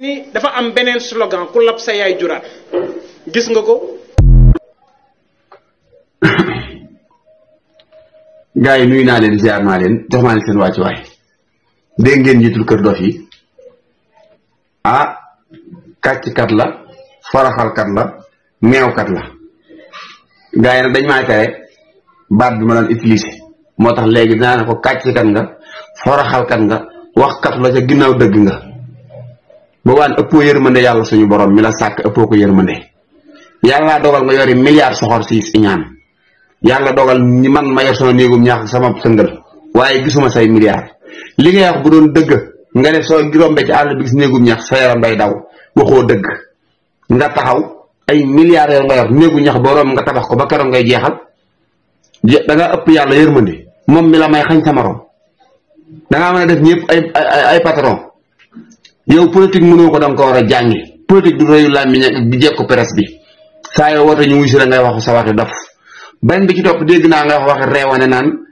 ni dafa am beneen slogan ku lab sa yaay juraat gis nga ko. gaa yi nuyu naa leen ziar naa leen jox naa leen seen waa ci waay dégg ngeen njiitul kër dof yi ah kàcckat la faraxalkat la meewkat la gaa yi nag dañ maa tere baat bi ma doon utiliser moo tax léegi dinaa ne ko kàcckat nga faraxalkat nga waxkat la ca ginnaaw dëgg nga. ba waan ëppoo yërmande yàlla ya suñu borom mi la sak ëpp ko yërmande yalla dogal nga yori milliard soxor ci ñaan yalla dogal ni man ma yor sama ñaax sama sëngal waye gisuma say milliard li ngay wax bu doon dëgg nga ne soo rombe ci àll bi gis neegum ñaax sa yaram day daw waxo dëgg nga taxaw ay yo nga yor neegu ñaax borom nga tabax ko ba karam ngay jéxal da nga ëpp yalla yërmande mom mi la may xañ sama rom da nga mëna def ñepp ay ay patron yow politique mënoo ko dang ko wara a politique du reuy làmmiñ ak di jekku presse bi sa yow wara ñu wuy si la ngay wax sa waxi daf ben bi ci top dégg na nga wax waxi nan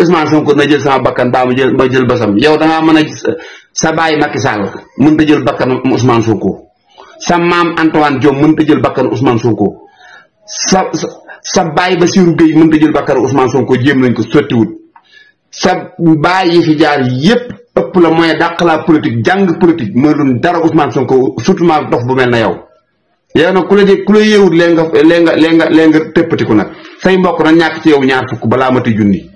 Ousmane Sonko na jël sama bakkan ba mu jël ba jël basam yow da nga mëna sa baye Macky Sall mën ta jël bakkan Ousmane Sonko sa mam Antoine Diome mën ta jël bakkan Ousmane Sonko sa sa baye Bassirou Gueye mën ta jël bakkan Ousmane Sonko jëm nañ ko wut sa baye fi jaar yépp ëpp la moyen dàq la politique jàng politique mënul dara Ousmane Sonko surtout maa dof bu mel na yow. yow nag ku la je ku la yeewut lee nga lee nga lee nga lee nga tëppatiku nag say mbokk na ñàkk ci yow ñaar fukk balaa ti junni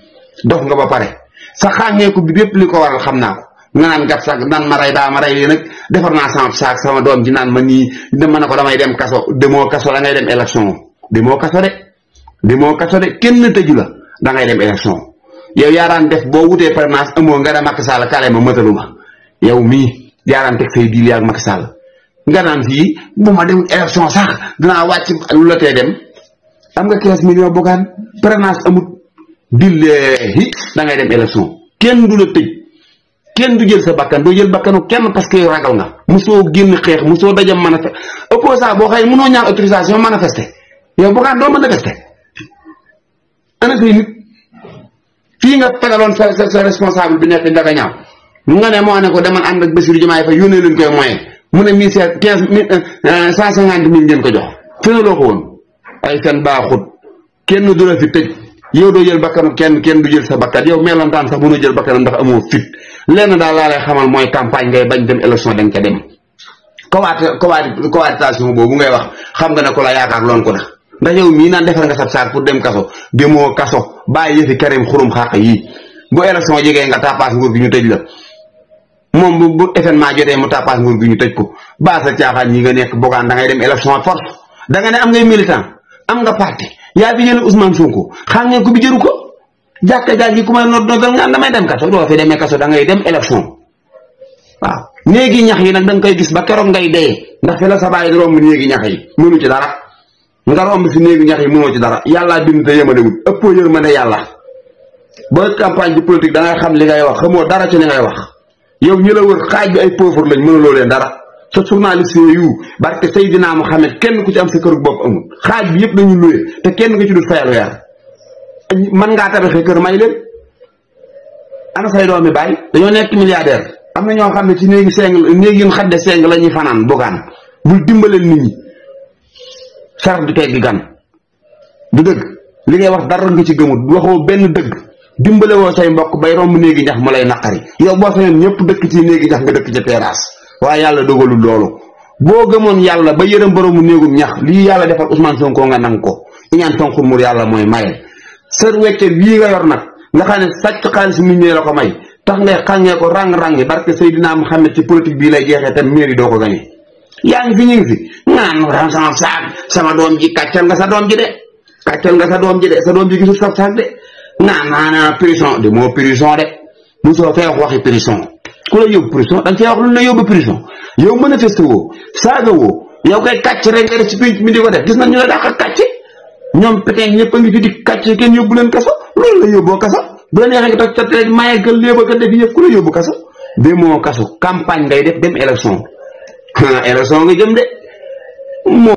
dof nga ba pare sa xàngeeku bi bépp li ko waral xam naa ko nga naan gat sax naan ma rey daa ma rey lii nag defar naa sama saak sama doom ji naan ma nii ma ne ko damay dem kaso demoo kaso da ngay dem élection demoo kaso de demoo kaso de kenn tëju la da ngay dem élection yow yaaraan def bo wuté permanence amo nga ne Macky Sall kale ma mëtaluma yow mii yaaraan tek say diil yaag Macky Sall nga nan fi bu ma dem élection sax dina wacc lu la tee dem am nga 15 millions bogaan permanence amut hi da ngay dem élection kenn du la tej kenn du jël sa bakkan do jël bakkanu kenn parce que yow ragal nga mosoo génn xeex mosoo dajam manifeste opposant bo xay mëno ñaan autorisation manifester yow do mëna manifester ana fi nit kii nga tegaloon sa sa sa responsable bi nekk Ndaka ñaaw nga ne moo ne ko demal ànd ak Bassirou Diomaye Faye yónnee leen koy moyen mu ne mille sept quinze mille euh, cent cinquante mille ngeen ko jox fenaloo ko woon ay fen baaxut kenn du la tëj yow doo jël bakkanu kenn kenn du jël sa bakkan yow melantaan sax mënoo jël bakkanam ndax amoo fit lenn daal laa xamal mooy campagne ngay bañ dem élection da nga ca dem kowaat kowaat cohabitation boobu ngay wax xam nga ne ko la yaakaar loon ko na ndax yow mi nan defar nga sab sar pour dem kaso demo kaso baye yëfi karim khurum xàq yi bu élection jige nga tàppaas ngor gi ñu tëj la mom bu bu événement jote mu tàppaas ngor gi ñu tëj ko ba sa caaxaan yi nga nek bogaan da ngay dem election ak force da nga ne am ngay militant am nga parti ya bi ñële Ousmane Sonko xam ngeen ko bi jëru ko jakka jaji kuma no may nga damay dem kaso do fi demé kaso da ngay dem election wa néegi ñax yi nak da ngay gis ba keroog ngay dé ndax fi la sa baye rom néegi ñax yi mënu ci dara nga romb si néegu ñax yi mënoo ci dara yàllaa bind te yëmalewul ëppoo yërmande yàlla ba campagne bi politique da ngay xam li ngay wax xamoo dara ci li ngay wax yow ñi la wër xaaj bi ay pauvre lañ mënuloo leen dara sa journaliste yu barke Seydina Mohamed kenn ku ci am sa kër bopp amul xaaj bi yëpp dañu luye te kenn nga ci dul fayal weer man ngaa tabaxee kër may leen ana say doomi dañoo nekk milliardaire am na ñoo xam ne ci néegi seng néegi yu xadde seng la ñuy fanaan bugaan bul dimbaleel nit ñi sar du tegg gan du deug li ngay wax dara nga ci gëmut waxo benn deug dimbalé wo say mbokk bay romb neegi ñax malay nakari yow bo feneen ñepp dekk ci neegi ñax nga dekk ci terrasse wa yalla dogalul lolu bo gëmoon yalla ba yërëm boroomu neegum ñax li yalla defal Ousmane Sonko nga nang ko iñan tonku mur yalla moy maye sër wéccé wi nga yor nak nga xam sacc xaliss xaalis nit ñee la ko may tax ngay xagne ko rang rang barké sayyidina Muhammad ci politique bi lay jéxé tam mairie do ko gagné yaa fi ñing fi ngaan sama saag sama doom ji kaccal nga sa doom ji de kaccal nga sa doom ji de sa doom ji gisul sax de na na na prison de mo prison de mu so fe wax waxi prison ku la yob prison da nga wax lu na yob prison yow manifeste woo saaga wo yow kay kàcc rek nga ci pénc mi di ko def gis na ñu la dàq kàcc ñom pétin ñepp ngi di kàcc ken yóbbu len kaso lu la yóbboo kaso bu la nexe tok toog rek maye ka lebe def ku la kasso kaso mo kaso campagne ngay def dem ha election nga jëm de mo